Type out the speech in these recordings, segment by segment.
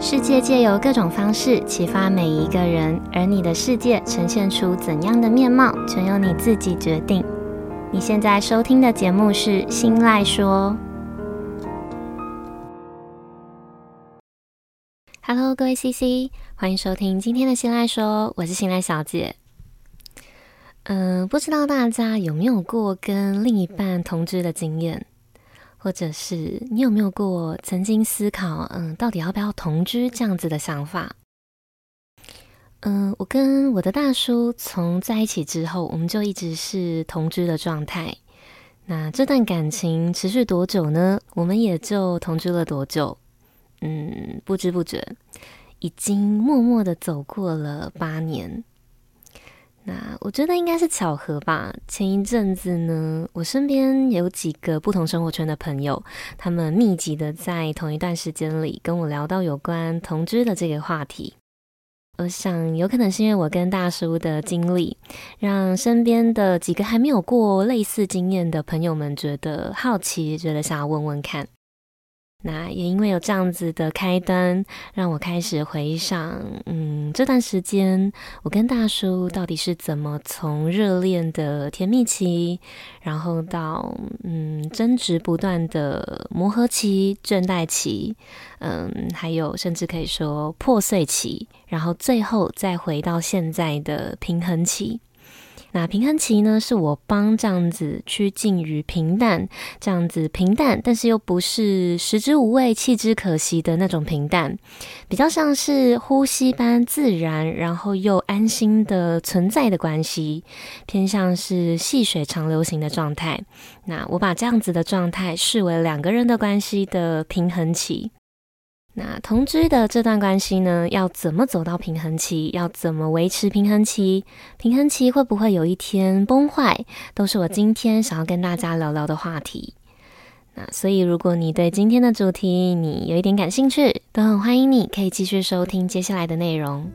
世界借由各種方式啟發每一個人，而你的世界呈現出怎樣的面貌，全由你自己決定。你現在收聽的節目是《心賴說》。Hello，各位 C C，歡迎收聽今天的《心賴說》，我是心賴小姐。嗯、呃，不知道大家有沒有過跟另一半同居的經驗？或者是你有沒有過曾經思考，嗯，到底要不要同居這樣子的想法？嗯，我跟我的大叔從在一起之後，我們就一直是同居的狀態。那這段感情持續多久呢？我們也就同居了多久。嗯，不知不覺已經默默地走過了八年。那我覺得應該是巧合吧。前一陣子呢，我身邊有幾個不同生活圈的朋友，他們密集的在同一段時間裡跟我聊到有關同居的這個話題。我想，有可能是因為我跟大叔的經歷，讓身邊的幾個還沒有過類似經驗的朋友們覺得好奇，覺得想要問問看。那也因為有這樣子的開端，讓我開始回想，嗯，這段時間我跟大叔到底是怎麼從熱戀的甜蜜期，然後到嗯爭執不斷的磨合期、倦怠期，嗯，還有甚至可以說破碎期，然後最後再回到現在的平衡期。那平衡期呢？是我幫這樣子趨近於平淡，這樣子平淡，但是又不是食之無味、棄之可惜的那種平淡，比較像是呼吸般自然，然後又安心的存在的關係，偏向是細水長流型的狀態。那我把這樣子的狀態視為兩個人的關係的平衡期。那同居的這段關係呢，要怎麼走到平衡期？要怎麼維持平衡期？平衡期會不會有一天崩壞？都是我今天想要跟大家聊聊的話題。那所以，如果你對今天的主題你有一點感興趣，都很歡迎，你可以繼續收聽接下來的內容。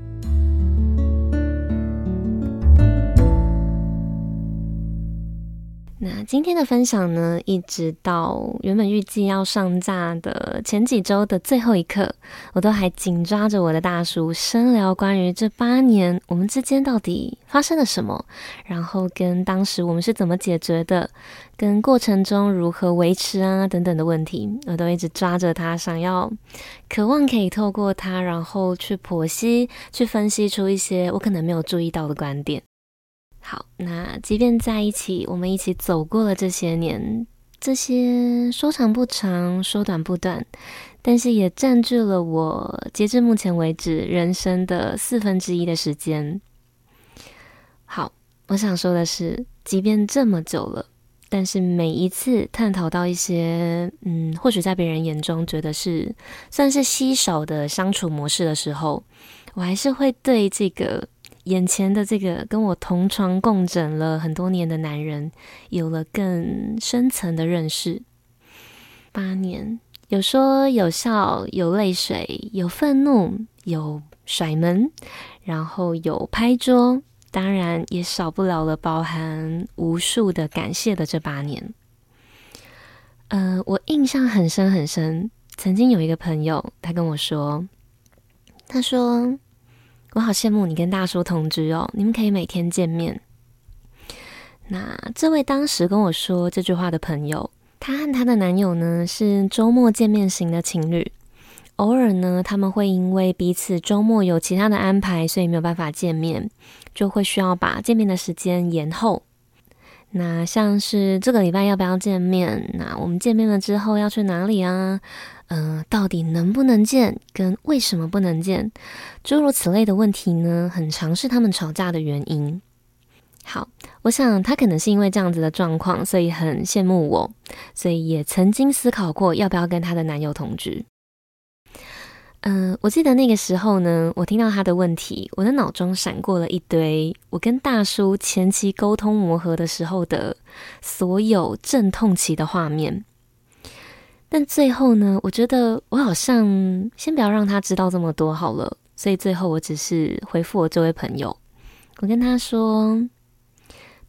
那今天的分享呢，一直到原本預計要上架的前幾周的最後一刻，我都還緊抓着我的大叔深聊關於這八年我們之間到底發生了什麼，然後跟當時我們是怎麼解決的，跟過程中如何維持啊等等的問題，我都一直抓着他，想要渴望可以透過他，然後去剖析，去分析出一些我可能沒有注意到的觀點。好，那即便在一起，我們一起走過了這些年，這些說長不長，說短不短，但是也占據了我截至目前為止人生的四分之一的時間。好，我想說的是，即便這麼久了，但是每一次探討到一些，嗯，或許在別人眼中覺得是算是稀少的相處模式的時候，我還是會對這個。眼前的這個跟我同床共枕了很多年的男人，有了更深層的認識。八年，有說有笑，有淚水，有憤怒，有甩門，然後有拍桌，當然也少不了了，包含無數的感謝的這八年。嗯、呃，我印象很深很深。曾經有一個朋友，他跟我說，他說。我好羨慕你跟大叔同居哦，你們可以每天見面。那這位當時跟我說這句話的朋友，他和他的男友呢，是周末見面型的情侶，偶爾呢他們會因為彼此周末有其他的安排，所以沒有辦法見面，就會需要把見面的時間延後。那像是這個禮拜要不要見面？那我們見面了之後要去哪裡啊？嗯、呃，到底能不能見，跟為什麼不能見，諸如此類的問題呢，很常是他們吵架的原因。好，我想他可能是因為這樣子的狀況，所以很羨慕我，所以也曾經思考過要不要跟他的男友同居。嗯、呃，我記得那個時候呢，我聽到他的問題，我的腦中閃過了一堆我跟大叔前期溝通磨合的時候的所有陣痛期的畫面。但最後呢，我覺得我好像先不要讓他知道這麼多好了，所以最後我只是回復我這位朋友，我跟他說，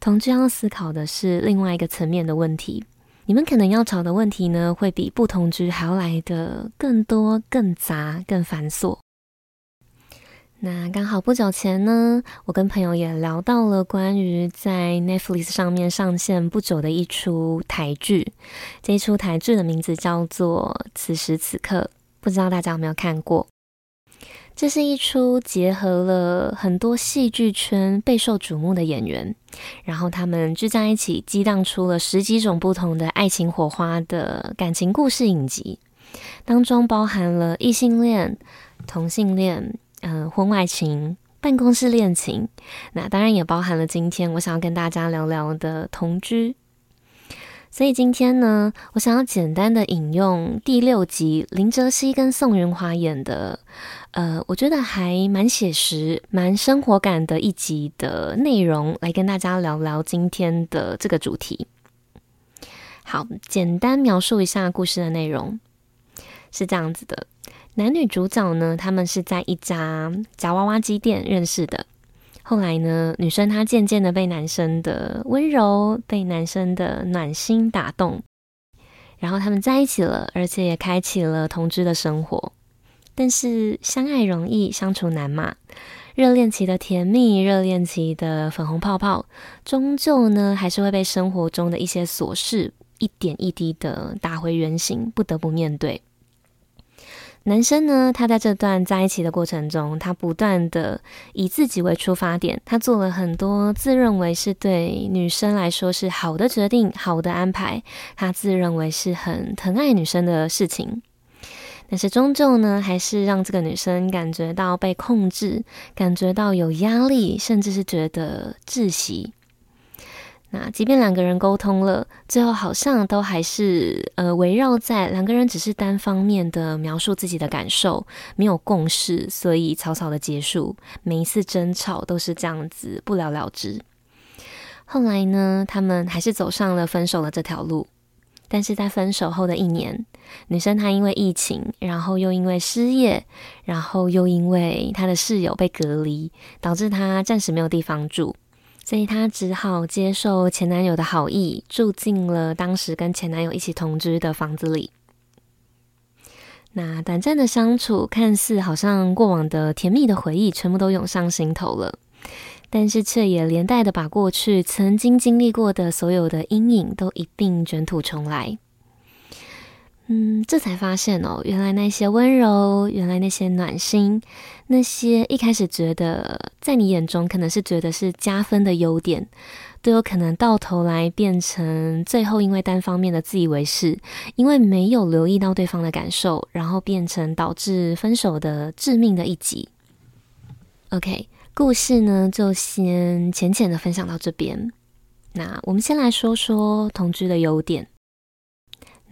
同居要思考的是另外一個層面的問題。你們可能要吵的問題呢，會比不同居還要來得更多、更雜、更繁瑣。那剛好不久前呢，我跟朋友也聊到了關於在 Netflix 上面上線不久的一出台劇，這一出台劇的名字叫做《此時此刻》，不知道大家有沒有看過？這是一出結合了很多戲劇圈備受矚目的演員，然後他們聚在一起，激盪出了十幾種不同的愛情火花的感情故事影集，當中包含了異性戀、同性戀，嗯、呃，婚外情、辦公室戀情，那當然也包含了今天我想要跟大家聊聊的同居。所以今天呢，我想要簡單的引用第六集林哲熹跟宋芸樺演的，呃，我覺得還蠻寫實、蠻生活感的一集的內容，來跟大家聊聊今天的這個主題。好，簡單描述一下故事的內容，是這樣子的：男女主角呢，他們是在一家夾娃娃機店認識的。後來呢，女生她漸漸的被男生的溫柔、被男生的暖心打動，然後他們在一起了，而且也開啟了同居的生活。但是相愛容易相處難嘛，熱戀期的甜蜜、熱戀期的粉紅泡泡，終究呢，還是會被生活中的一些瑣事一點一滴的打回原形，不得不面對。男生呢，他在這段在一起的過程中，他不斷的以自己為出發點，他做了很多自認為是對女生來說是好的決定、好的安排，他自認為是很疼愛女生的事情，但是終究呢，還是讓這個女生感覺到被控制，感覺到有壓力，甚至是覺得窒息。那即便兩個人溝通了，最後好像都還是呃圍繞在兩個人只是單方面的描述自己的感受，沒有共識，所以草草的結束。每一次爭吵都是這樣子不了了之。後來呢，他們還是走上了分手的這條路。但是在分手後的一年，女生她因為疫情，然後又因為失業，然後又因為她的室友被隔離，導致她暫時沒有地方住。所以她只好接受前男友的好意，住進了當時跟前男友一起同居的房子裡。那短暫的相處，看似好像過往的甜蜜的回憶全部都湧上心頭了，但是卻也連帶的把過去曾經經歷過的所有的陰影都一併卷土重來。嗯，這才發現哦，原來那些溫柔，原來那些暖心，那些一開始覺得在你眼中可能是覺得是加分的優點，都有可能到頭來變成最後因為單方面的自以為是，因為沒有留意到對方的感受，然後變成導致分手的致命的一擊。OK，故事呢，就先淺淺的分享到這邊。那我們先來說說同居的優點。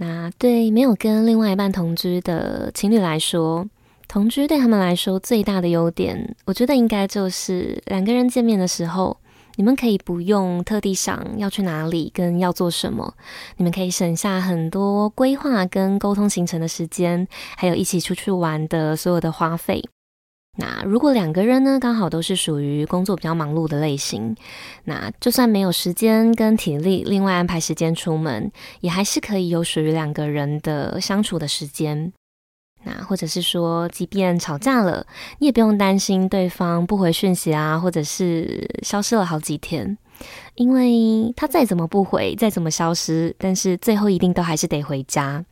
啊，對，沒有跟另外一半同居的情侶來說，同居對他們來說最大的優點，我覺得應該就是兩個人見面的時候，你們可以不用特地想要去哪裡跟要做什麼，你們可以省下很多規劃跟溝通行程的時間，還有一起出去玩的所有的花費。那如果兩個人呢，剛好都是屬於工作比較忙碌的類型，那就算沒有時間跟體力，另外安排時間出門，也還是可以有屬於兩個人的相處的時間。那或者是說，即便吵架了，你也不用擔心對方不回訊息啊，或者是消失了好幾天，因為他再怎麼不回，再怎麼消失，但是最後一定都還是得回家。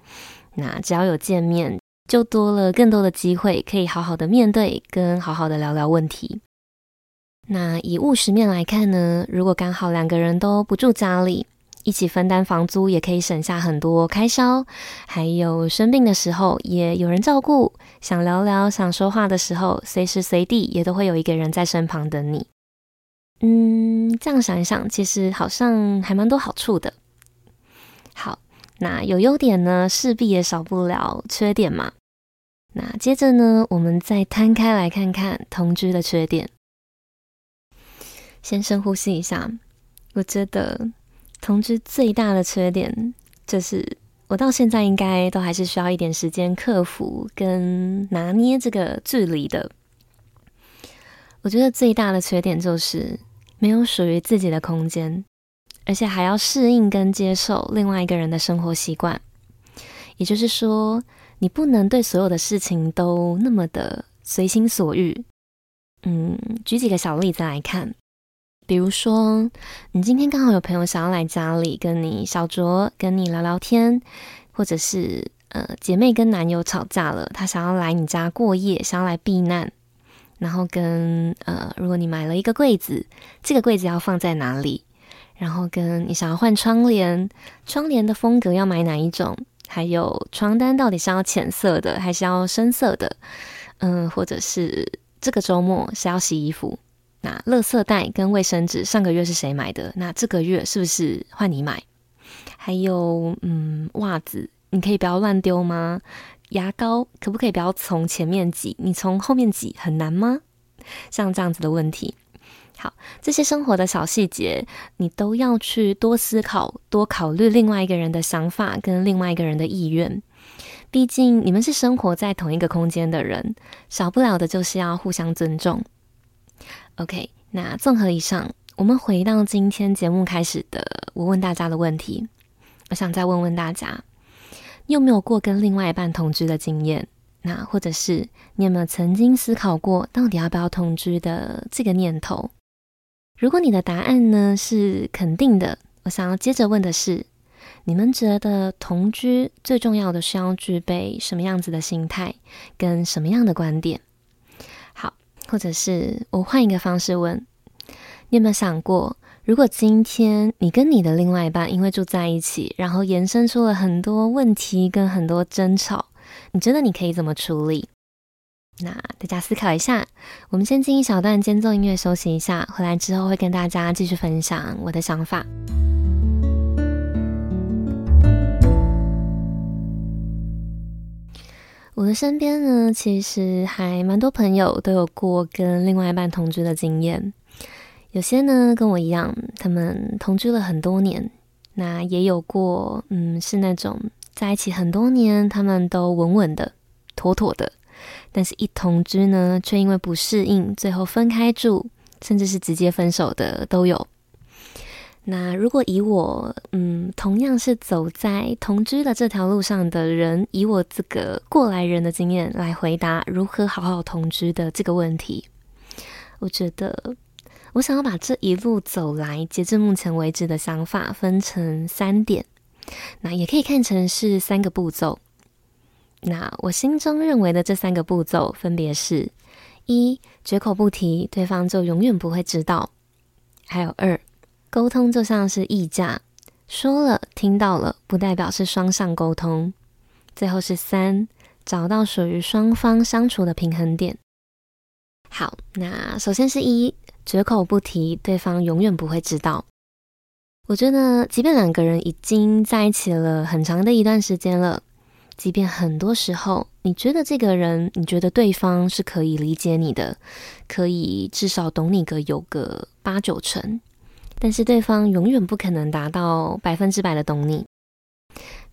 那只要有見面，就多了更多的機會，可以好好的面對，跟好好的聊聊問題。那以務實面來看呢，如果剛好兩個人都不住家裡，一起分擔房租，也可以省下很多開銷。還有生病的時候，也有人照顧。想聊聊、想說話的時候，隨時隨地也都會有一個人在身旁等你。嗯，這樣想一想，其實好像還蠻多好處的。那有優點呢，勢必也少不了缺點嘛。那接着呢，我們再攤開來看看同居的缺點。先深呼吸一下，我覺得同居最大的缺點就是，我到現在應該都還是需要一點時間克服跟拿捏這個距離的。我覺得最大的缺點就是沒有屬於自己的空間。而且還要適應跟接受另外一個人的生活習慣，也就是說，你不能對所有的事情都那麼的隨心所欲。嗯，舉幾個小例子來看，比如說，你今天剛好有朋友想要來家裡跟你小酌，跟你聊聊天，或者是呃，姐妹跟男友吵架了，她想要來你家過夜，想要來避難，然後跟呃，如果你買了一個櫃子，這個櫃子要放在哪裡？然後跟你想要換窗簾，窗簾的風格要買哪一種？還有床單到底是要淺色的還是要深色的？嗯，或者是這個周末是要洗衣服？那垃圾袋跟衛生紙上個月是誰買的？那這個月是不是換你買？還有，嗯，襪子你可以不要亂丟嗎？牙膏可不可以不要從前面擠？你從後面擠很難嗎？像這樣子的問題。好，這些生活的小細節，你都要去多思考、多考慮另外一個人的想法跟另外一個人的意願。畢竟你們是生活在同一個空間的人，少不了的就是要互相尊重。OK，那綜合以上，我們回到今天節目開始的我問大家的問題，我想再問問大家，你有沒有過跟另外一半同居的經驗？那或者是你有沒有曾經思考過到底要不要同居的這個念頭？如果你的答案呢是肯定的，我想要接着問的是，你們覺得同居最重要的是要具備什麼樣子的心態跟什麼樣的觀點？好，或者是我換一個方式問，你有沒有想過，如果今天你跟你的另外一半因為住在一起，然後延伸出了很多問題跟很多爭吵，你覺得你可以怎麼處理？那大家思考一下，我們先聽一小段間奏音樂休息一下，回來之後會跟大家繼續分享我的想法。 我的身邊呢，其實還蠻多朋友都有過跟另外一半同居的經驗，有些呢跟我一樣，他們同居了很多年，那也有過，嗯，是那種在一起很多年，他們都穩穩的、妥妥的。但是一同居呢，卻因為不適應，最後分開住，甚至是直接分手的都有。那如果以我，嗯，同樣是走在同居的這條路上的人，以我這個過來人的經驗來回答如何好好同居的這個問題，我覺得，我想要把這一路走來，截至目前為止的想法分成三點，那也可以看成是三個步驟。那我心中認為的這三個步驟分別是：一、絕口不提，對方就永遠不會知道；還有二、溝通就像是議價，說了聽到了不代表是雙向溝通；最後是三、找到屬於雙方相處的平衡點。好，那首先是一、絕口不提，對方永遠不會知道。我覺得，即便兩個人已經在一起了很長的一段時間了。即便很多時候，你覺得這個人，你覺得對方是可以理解你的，可以至少懂你個有個八九成，但是對方永遠不可能達到百分之百的懂你。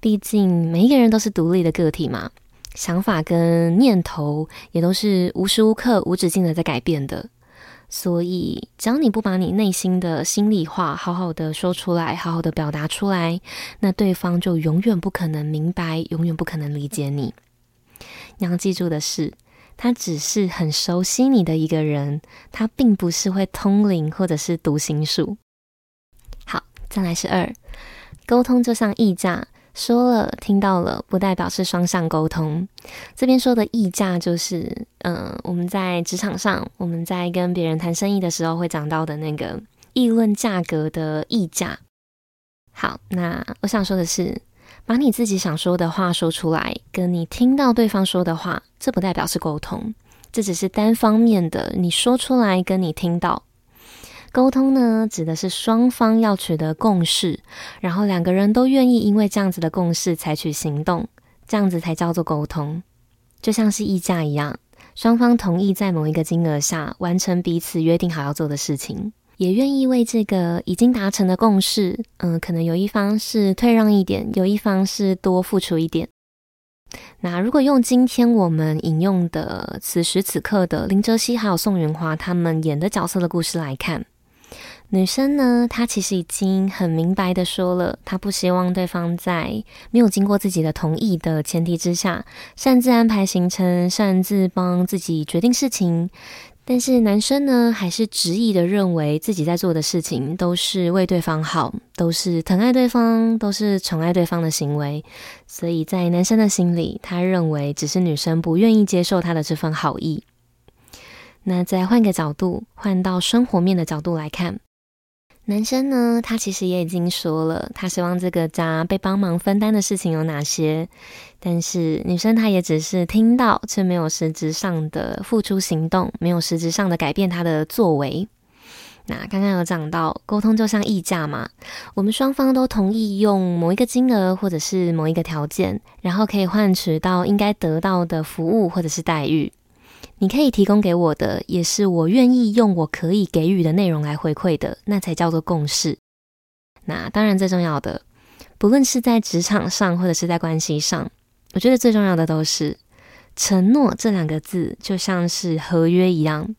畢竟每一個人都是獨立的個體嘛，想法跟念頭也都是無時無刻、無止境的在改變的。所以，只要你不把你內心的心裡話好好的說出來，好好的表達出來，那對方就永遠不可能明白，永遠不可能理解你。你要記住的是，他只是很熟悉你的一個人，他並不是會通靈或者是讀心術。好，再來是二，溝通就像議價。說了，聽到了，不代表是雙向溝通。這邊說的議價，就是，嗯、呃，我們在職場上，我們在跟別人談生意的時候，會講到的那個議論價格的議價。好，那我想說的是，把你自己想說的話說出來，跟你聽到對方說的話，這不代表是溝通，這只是單方面的。你說出來，跟你聽到。溝通呢，指的是雙方要取得共識，然後兩個人都願意因為這樣子的共識採取行動，這樣子才叫做溝通。就像是議價一樣，雙方同意在某一個金額下完成彼此約定好要做的事情，也願意為這個已經達成的共識，嗯、呃，可能有一方是退讓一點，有一方是多付出一點。那如果用今天我們引用的此時此刻的林哲熹還有宋芸樺他們演的角色的故事來看。女生呢，她其實已經很明白的說了，她不希望對方在沒有經過自己的同意的前提之下，擅自安排行程，擅自幫自己決定事情。但是男生呢，還是執意的認為自己在做的事情都是為對方好，都是疼愛對方，都是寵愛對方的行為。所以在男生的心裡，他認為只是女生不願意接受他的這份好意。那再換個角度，換到生活面的角度來看。男生呢，他其實也已經說了，他希望這個家被幫忙分擔的事情有哪些，但是女生她也只是聽到，卻沒有實質上的付出行動，沒有實質上的改變他的作為。那剛剛有講到，溝通就像議價嘛，我們雙方都同意用某一個金額或者是某一個條件，然後可以換取到應該得到的服務或者是待遇。你可以提供給我的，也是我願意用我可以給予的內容來回饋的，那才叫做共識。那當然最重要的，不論是在職場上或者是在關係上，我覺得最重要的都是承諾這兩個字，就像是合約一樣。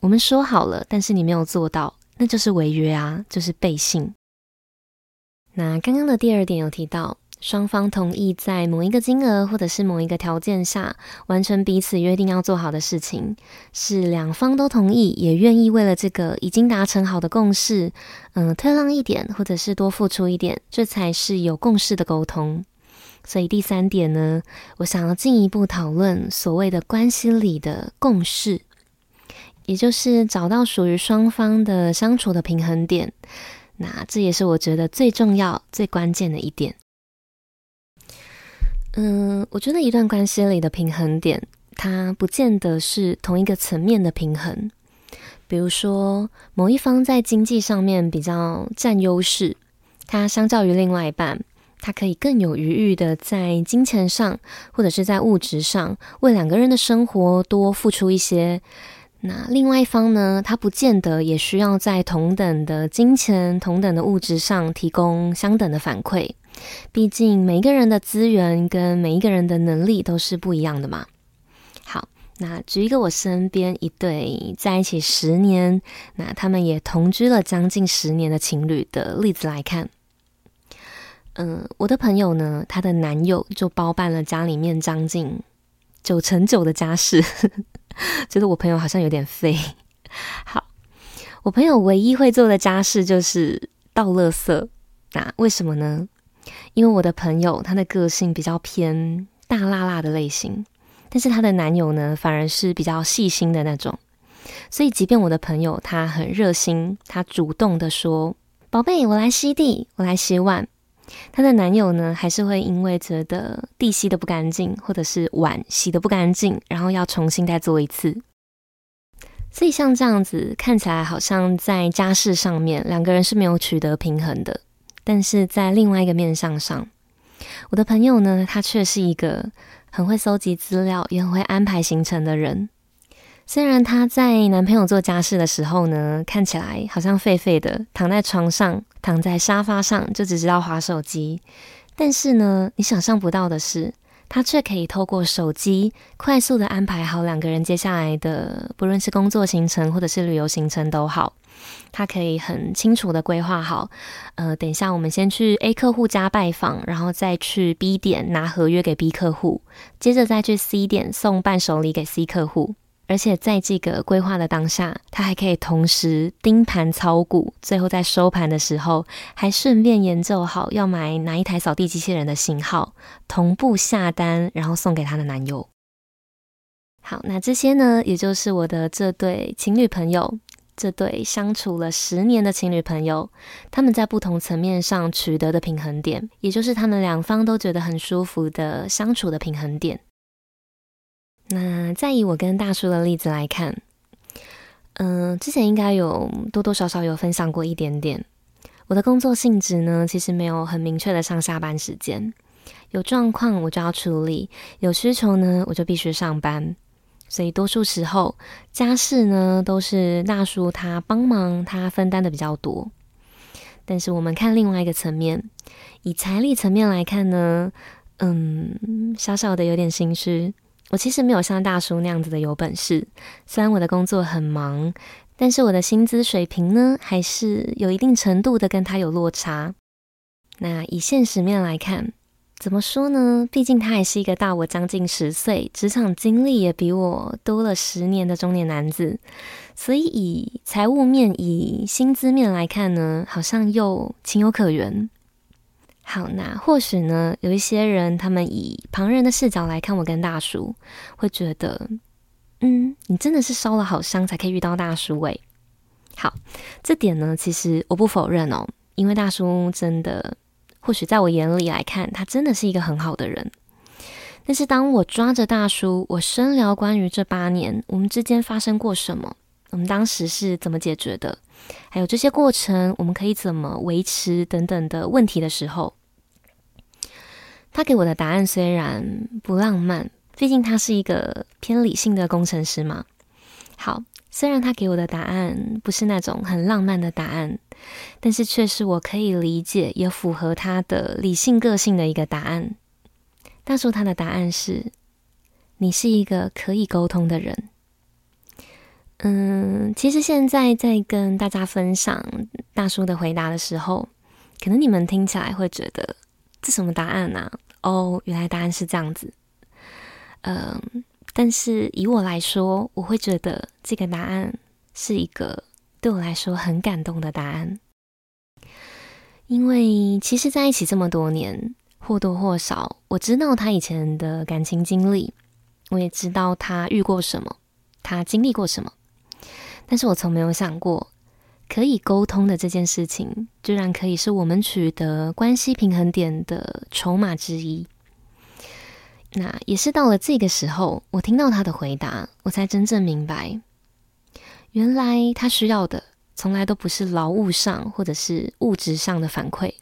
我們說好了，但是你沒有做到，那就是違約啊，就是背信。那剛剛的第二點有提到。雙方同意在某一個金額或者是某一個條件下完成彼此約定要做好的事情，是兩方都同意也願意為了這個已經達成好的共識，嗯、呃，退讓一點或者是多付出一點，這才是有共識的溝通。所以第三點呢，我想要進一步討論所謂的關係裡的共識，也就是找到屬於雙方的相處的平衡點。那這也是我覺得最重要、最關鍵的一點。嗯、呃，我覺得一段關係裡的平衡點，它不見得是同一個層面的平衡。比如說，某一方在經濟上面比較佔優勢，他相較於另外一半，他可以更有餘裕的在金錢上或者是在物質上為兩個人的生活多付出一些。那另外一方呢，他不見得也需要在同等的金錢、同等的物質上提供相等的反饋。畢竟每一個人的資源跟每一個人的能力都是不一樣的嘛。好，那舉一個我身邊一對在一起十年，那他們也同居了將近十年的情侶的例子來看。嗯、呃，我的朋友呢，她的男友就包辦了家裡面將近九成九的家事， 覺得我朋友好像有點廢。好，我朋友唯一會做的家事就是倒垃圾。那為什麼呢？因為我的朋友他的個性比較偏大辣辣的類型，但是她的男友呢反而是比較細心的那種，所以即便我的朋友他很熱心，她主動的說：“寶貝，我來吸地，我來洗碗。”她的男友呢還是會因為覺得地吸的不乾淨，或者是碗洗的不乾淨，然後要重新再做一次。所以像這樣子看起來好像在家事上面兩個人是沒有取得平衡的。但是在另外一個面向上，我的朋友呢，他卻是一個很會搜集資料，也很會安排行程的人。雖然她在男朋友做家事的時候呢，看起來好像廢廢的，躺在床上，躺在沙發上，就只知道滑手機。但是呢，你想象不到的是，她卻可以透過手機快速的安排好兩個人接下來的，不論是工作行程或者是旅遊行程都好。他可以很清楚地規劃好，呃，等一下我們先去 A 客戶家拜訪，然後再去 B 點拿合約給 B 客戶，接着再去 C 點送伴手禮給 C 客戶。而且在這個規劃的當下，他還可以同時盯盤炒股，最後在收盤的時候還順便研究好要買哪一台掃地機器人的型號，同步下單，然後送給他的男友。好，那這些呢，也就是我的這對情侶朋友。這對相處了十年的情侶朋友，他們在不同層面上取得的平衡點，也就是他們兩方都覺得很舒服的相處的平衡點。那再以我跟大叔的例子來看，嗯、呃，之前應該有多多少少有分享過一點點。我的工作性質呢，其實沒有很明確的上下班時間，有狀況我就要處理，有需求呢我就必須上班。所以多數時候家事呢都是大叔他幫忙，他分擔的比較多。但是我們看另外一個層面，以財力層面來看呢，嗯，小小的有點心虛。我其實沒有像大叔那樣子的有本事，雖然我的工作很忙，但是我的薪資水平呢還是有一定程度的跟他有落差。那以現實面來看。怎麼說呢？畢竟他也是一個大我將近十歲、職場經歷也比我多了十年的中年男子，所以以財務面、以薪資面來看呢，好像又情有可原。好，那或許呢，有一些人他們以旁人的視角來看我跟大叔，會覺得，嗯，你真的是燒了好香才可以遇到大叔哎、欸。好，這點呢，其實我不否認哦，因為大叔真的。或許在我眼裡來看，他真的是一個很好的人。但是當我抓着大叔，我深聊關於這八年我們之間發生過什麼，我們當時是怎麼解決的，還有這些過程我們可以怎麼維持等等的問題的時候，他給我的答案雖然不浪漫，畢竟他是一個偏理性的工程師嘛。好，雖然他給我的答案不是那種很浪漫的答案。但是卻是我可以理解，也符合他的理性個性的一個答案。大叔他的答案是：你是一個可以溝通的人。嗯，其實現在在跟大家分享大叔的回答的時候，可能你們聽起來會覺得這什麼答案呢？啊？哦，原來答案是這樣子。嗯，但是以我來說，我會覺得這個答案是一個。對我來說很感動的答案，因為其實在一起這麼多年，或多或少，我知道他以前的感情經歷，我也知道他遇過什麼，他經歷過什麼。但是我從沒有想過，可以溝通的這件事情，居然可以是我們取得關係平衡點的籌碼之一。那也是到了這個時候，我聽到他的回答，我才真正明白。原來他需要的從來都不是勞務上或者是物質上的反饋，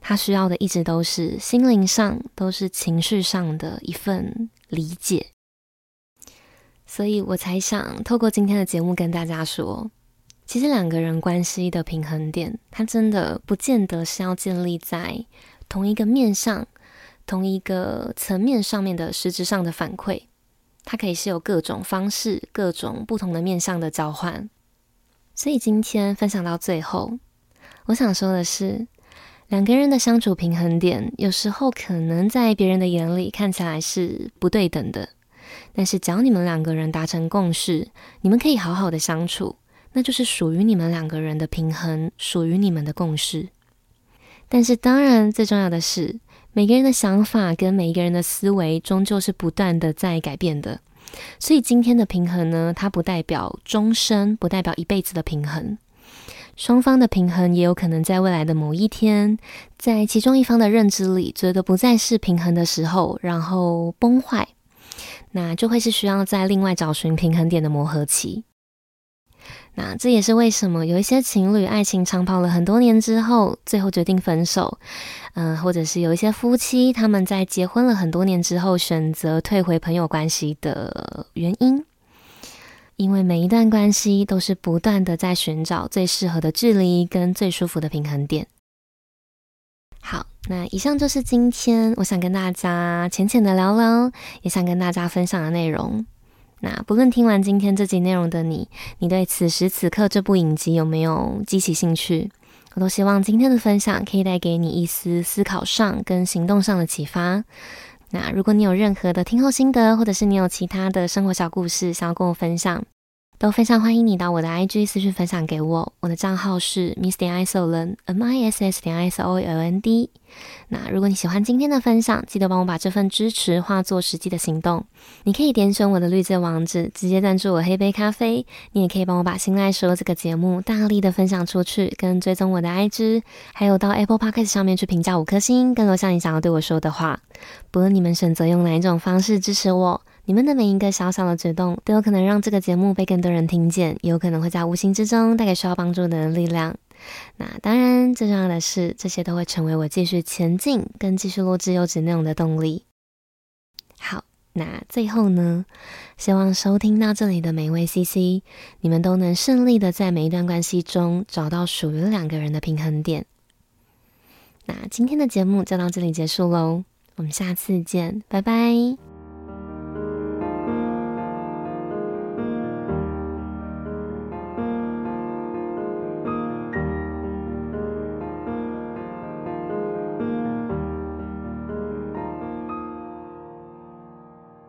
他需要的一直都是心靈上、都是情緒上的一份理解。所以我才想透過今天的節目跟大家說，其實兩個人關係的平衡點，它真的不見得是要建立在同一個面上、同一個層面上面的實質上的反饋。它可以是有各種方式、各種不同的面向的交換，所以今天分享到最後，我想說的是，兩個人的相處平衡點，有時候可能在別人的眼裡看起來是不對等的，但是只要你們兩個人達成共識，你們可以好好的相處，那就是屬於你們兩個人的平衡，屬於你們的共識。但是當然，最重要的是，每個人的想法跟每一個人的思維，終究是不斷的在改變的。所以，今天的平衡呢，它不代表終身，不代表一輩子的平衡。雙方的平衡也有可能在未來的某一天，在其中一方的認知裡覺得不再是平衡的時候，然後崩壞，那就會是需要在另外找尋平衡點的磨合期。那這也是為什麼有一些情侶愛情長跑了很多年之後，最後決定分手，嗯、呃，或者是有一些夫妻他們在結婚了很多年之後選擇退回朋友關係的原因，因為每一段關係都是不斷的在尋找最適合的距離跟最舒服的平衡點。好，那以上就是今天我想跟大家淺淺的聊聊，也想跟大家分享的內容。那不論聽完今天這集內容的你，你對此時此刻這部影集有沒有激起興趣？我都希望今天的分享可以帶給你一絲思考上跟行動上的啟發。那如果你有任何的聽後心得，或者是你有其他的生活小故事想要跟我分享，都非常歡迎你到我的 IG 私訊分享給我，我的賬號是 miss.isoland，m i s s 點 i s o l a n d。那如果你喜歡今天的分享，記得幫我把這份支持化作實際的行動。你可以點選我的綠界網址，直接贊助我喝杯咖啡。你也可以幫我把心賴說這個節目大力的分享出去，跟追蹤我的 IG，還有到 Apple Podcast 上面去評價五顆星。更多像你想要對我說的話，不論你們選擇用哪一種方式支持我。你們的每一個小小的舉動，都有可能讓這個節目被更多人聽見，也有可能會在無形之中帶給需要幫助的人力量。那當然，最重要的是，這些都會成為我繼續前進跟繼續錄制優質內容的動力。好，那最後呢，希望收聽到這裡的每一位 CC，你們都能順利的在每一段關係中找到屬於兩個人的平衡點。那今天的節目就到這裡結束嘍，我們下次見，拜拜。